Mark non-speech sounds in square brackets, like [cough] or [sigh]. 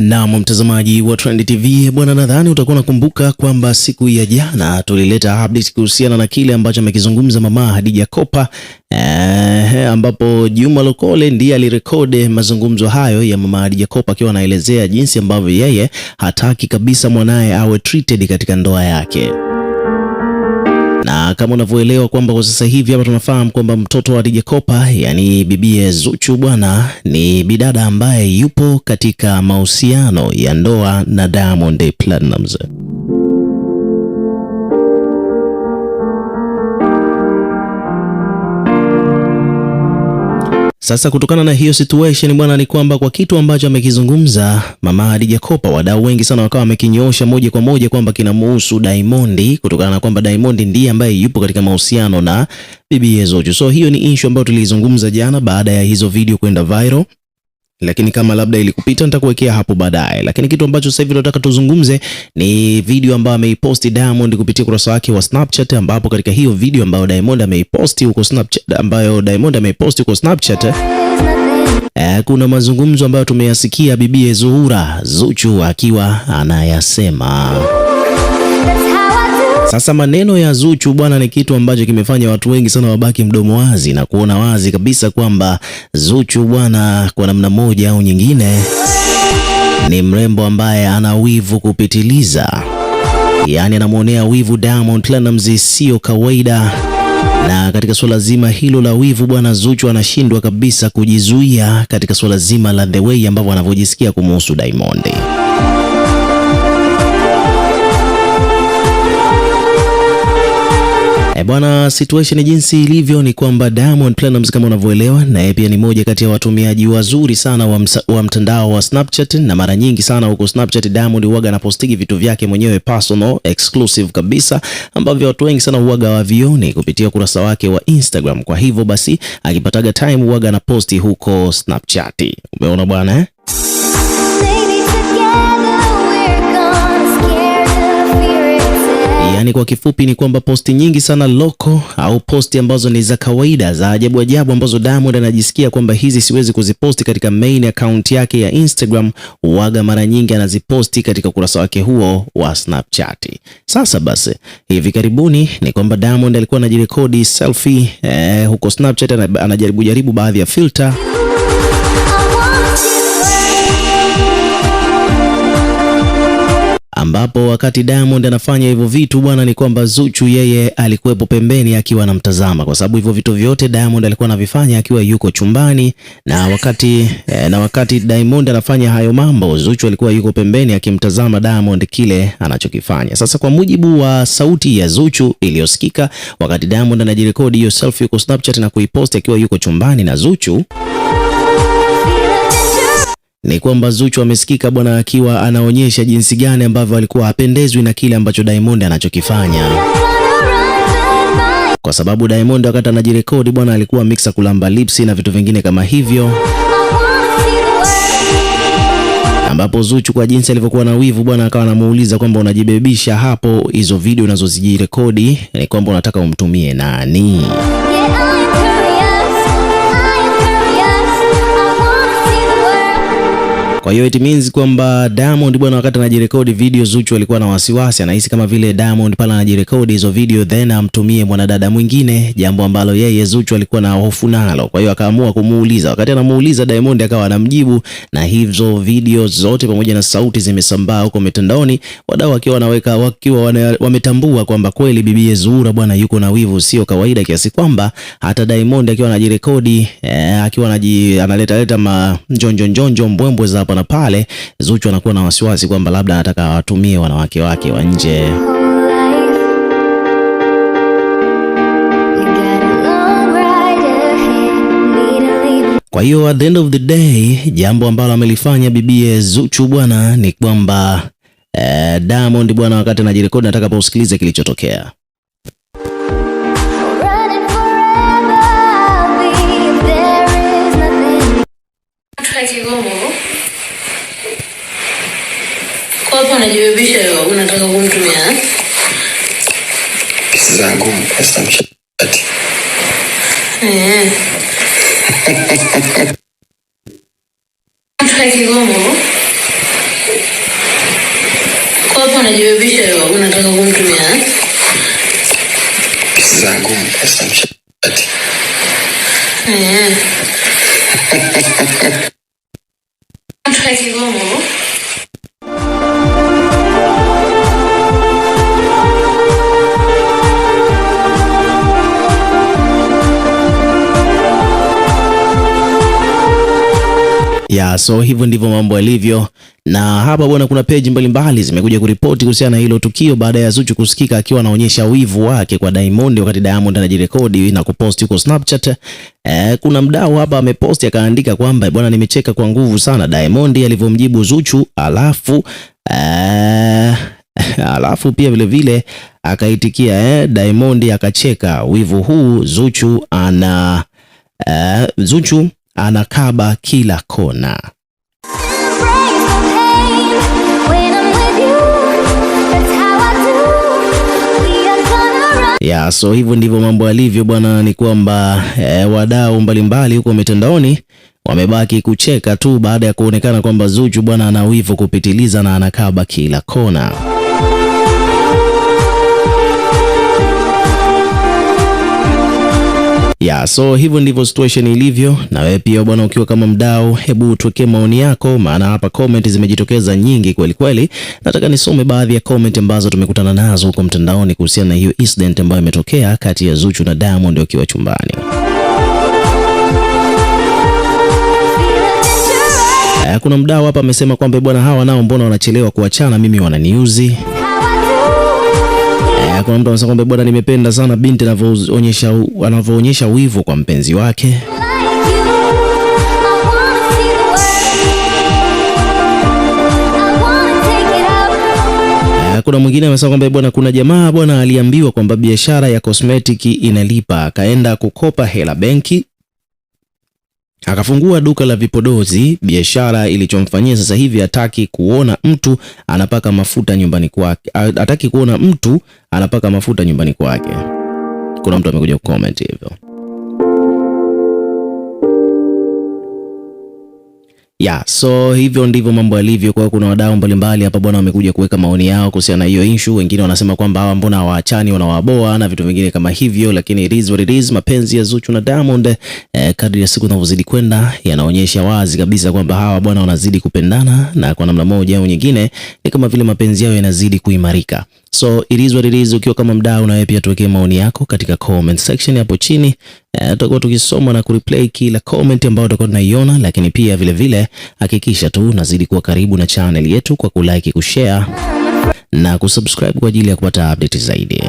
Naam, mtazamaji wa Trend TV bwana, nadhani utakuwa unakumbuka kwamba siku ya jana tulileta update kuhusiana na kile ambacho amekizungumza mama Hadija Kopa eh, ambapo Juma Lokole ndiye alirekode mazungumzo hayo ya mama Hadija Kopa akiwa anaelezea jinsi ambavyo yeye hataki kabisa mwanaye awe treated katika ndoa yake kama unavyoelewa kwamba kwa sasa hivi hapa tunafahamu kwamba mtoto wa DJ Kopa, yani bibie Zuchu bwana, ni bidada ambaye yupo katika mahusiano ya ndoa na Diamond Platnumz. Sasa kutokana na hiyo situation bwana, ni kwamba kwa kitu ambacho amekizungumza mama Hadija Kopa, wadau wengi sana wakawa wamekinyoosha moja kwa moja kwamba kinamuhusu Diamond, kutokana na kwamba Diamond ndiye ambaye yupo katika mahusiano na bibi Zuchu. So hiyo ni issue ambayo tulizungumza jana baada ya hizo video kwenda viral lakini kama labda ilikupita nitakuwekea hapo baadaye. Lakini kitu ambacho sasa hivi nataka tuzungumze ni video ambayo ameiposti Diamond kupitia ukurasa wake wa Snapchat, ambapo katika hiyo video ambayo Diamond ameiposti huko Snapchat, ambayo Diamond ameiposti huko Snapchat eh, kuna mazungumzo ambayo tumeyasikia bibie Zuhura Zuchu akiwa anayasema sasa maneno ya Zuchu bwana, ni kitu ambacho kimefanya watu wengi sana wabaki mdomo wazi na kuona wazi kabisa kwamba Zuchu bwana, kwa namna moja au nyingine, ni mrembo ambaye ana wivu kupitiliza, yaani anamwonea wivu Diamond Platnumz sio kawaida na katika suala zima hilo la wivu bwana, Zuchu anashindwa kabisa kujizuia katika suala zima la the way ambavyo anavyojisikia kumuhusu Diamond. bwana, situation jinsi ilivyo ni kwamba Diamond Platnumz kama unavyoelewa, naye pia ni moja kati ya watumiaji wazuri sana wa, msa, wa mtandao wa Snapchat, na mara nyingi sana huko Snapchat Diamond huaga anapostiki vitu vyake mwenyewe personal exclusive kabisa, ambavyo watu wengi sana huaga wavioni kupitia ukurasa wake wa Instagram. Kwa hivyo basi, akipataga time huaga anaposti huko Snapchat. Umeona bwana eh? Yaani kwa kifupi ni kwamba posti nyingi sana loko au posti ambazo ni za kawaida za ajabu ajabu ambazo Diamond anajisikia kwamba hizi siwezi kuziposti katika main account yake ya Instagram, waga mara nyingi anaziposti katika ukurasa wake huo wa Snapchat. Sasa basi, hivi karibuni ni kwamba Diamond alikuwa anajirekodi selfie eh, huko Snapchat anajaribu jaribu baadhi ya filter ambapo wakati Diamond anafanya hivyo vitu bwana, ni kwamba Zuchu yeye alikuwepo pembeni akiwa anamtazama, kwa sababu hivyo vitu vyote Diamond alikuwa anavifanya akiwa yuko chumbani, na wakati eh, na wakati Diamond anafanya hayo mambo, Zuchu alikuwa yuko pembeni akimtazama Diamond kile anachokifanya. Sasa kwa mujibu wa sauti ya Zuchu iliyosikika wakati Diamond anajirekodi hiyo selfie yuko Snapchat na kuiposti akiwa yuko chumbani na Zuchu ni kwamba Zuchu amesikika bwana akiwa anaonyesha jinsi gani ambavyo alikuwa hapendezwi na kile ambacho Diamond anachokifanya kwa sababu Diamond wakati anajirekodi bwana alikuwa mixa kulamba lipsi na vitu vingine kama hivyo, ambapo Zuchu kwa jinsi alivyokuwa na wivu bwana akawa anamuuliza kwamba unajibebisha hapo, hizo video unazozijirekodi ni kwamba unataka umtumie nani? Kwa hiyo it means kwamba Diamond bwana, wakati anajirekodi video Zuchu alikuwa na wasiwasi, anahisi kama vile Diamond pala anajirekodi hizo video then amtumie mwanadada mwingine, jambo ambalo yeye Zuchu alikuwa na hofu nalo. Kwa hiyo akaamua kumuuliza. Wakati anamuuliza Diamond akawa anamjibu, na hizo video zote pamoja na sauti zimesambaa huko mitandaoni, wadau wakiwa wanaweka wakiwa wametambua kwamba kweli bibi Zuhura bwana yuko na wivu sio kawaida, kiasi kwamba hata Diamond akiwa anajirekodi eh, akiwa analeta leta ma majonjonjonjo mbwembwe za hapa na pale Zuchu anakuwa na wasiwasi kwamba labda anataka awatumie wanawake wake wa nje. Kwa hiyo at the end of the day, jambo ambalo amelifanya bibie Zuchu bwana ni kwamba eh, Diamond bwana, wakati anajirekodi, nataka pausikilize kilichotokea hapo anajibebisha, unataka kumtumia pesa eh? zangu, pesa mshati Kigongo kwa hapo anajibebisha, unataka kumtumia pesa eh? zangu, pesa mshati eh. Kigongo Yeah, so hivyo ndivyo mambo yalivyo, na hapa bwana, kuna page mbalimbali zimekuja kuripoti kuhusiana na hilo tukio baada ya Zuchu kusikika akiwa anaonyesha wivu wake kwa Diamond wakati Diamond anajirekodi na kuposti huko Snapchat. E, kuna mdau hapa ameposti akaandika kwamba bwana, nimecheka kwa nguvu sana Diamond alivyomjibu Zuchu, alafu e, [laughs] alafu pia vile vile akaitikia eh, Diamond akacheka. Wivu huu Zuchu ana e, Zuchu anakaba kila kona. Ya, so hivyo ndivyo mambo yalivyo bwana, ni kwamba eh, wadau mbalimbali huko mitandaoni wamebaki kucheka tu baada ya kuonekana kwamba Zuchu bwana ana wivu kupitiliza na anakaba kila kona. yeah, so hivyo ndivyo situation ilivyo. Na wewe pia bwana, ukiwa kama mdau, hebu tuwekee maoni yako, maana hapa comment zimejitokeza nyingi kweli kweli. Nataka nisome baadhi ya comment ambazo tumekutana nazo huko mtandaoni kuhusiana na hiyo incident ambayo imetokea kati ya Zuchu na Diamond wakiwa chumbani. Eh, kuna mdau hapa amesema kwamba bwana, hawa nao mbona wanachelewa kuachana, mimi wananiuzi. Haya, kuna mtu anasema kwamba bwana, nimependa sana binti anavyoonyesha anavyoonyesha wivu kwa mpenzi wake. Kuna mwingine amesema kwamba bwana, kuna jamaa bwana aliambiwa kwamba biashara ya kosmetiki inalipa, akaenda kukopa hela benki, Akafungua duka la vipodozi, biashara ilichomfanyia sasa hivi hataki kuona mtu anapaka mafuta nyumbani kwake, hataki kuona mtu anapaka mafuta nyumbani kwake. Kuna mtu amekuja kucomment hivyo. Yeah, so hivyo ndivyo mambo yalivyo. Kwa kuna wadau mbalimbali hapa bwana, wamekuja kuweka maoni yao kuhusiana na hiyo issue. Wengine wanasema kwamba hawa mbona hawaachani, wanawaboa na vitu vingine kama hivyo, lakini it is what it is. Mapenzi ya Zuchu na Diamond eh, kadri ya siku zinavyozidi kwenda yanaonyesha wazi kabisa kwamba hawa bwana wanazidi kupendana, na kwa namna moja au nyingine ni kama vile mapenzi yao yanazidi kuimarika. So it is what it is. Ukiwa kama mdau, na wewe pia tuwekee maoni yako katika comment section hapo chini. Eh, tutakuwa tukisoma na kureplay kila comment ambayo utakuwa tunaiona, lakini pia vilevile hakikisha tu unazidi kuwa karibu na channel yetu kwa kulike, kushare na kusubscribe kwa ajili ya kupata update zaidi.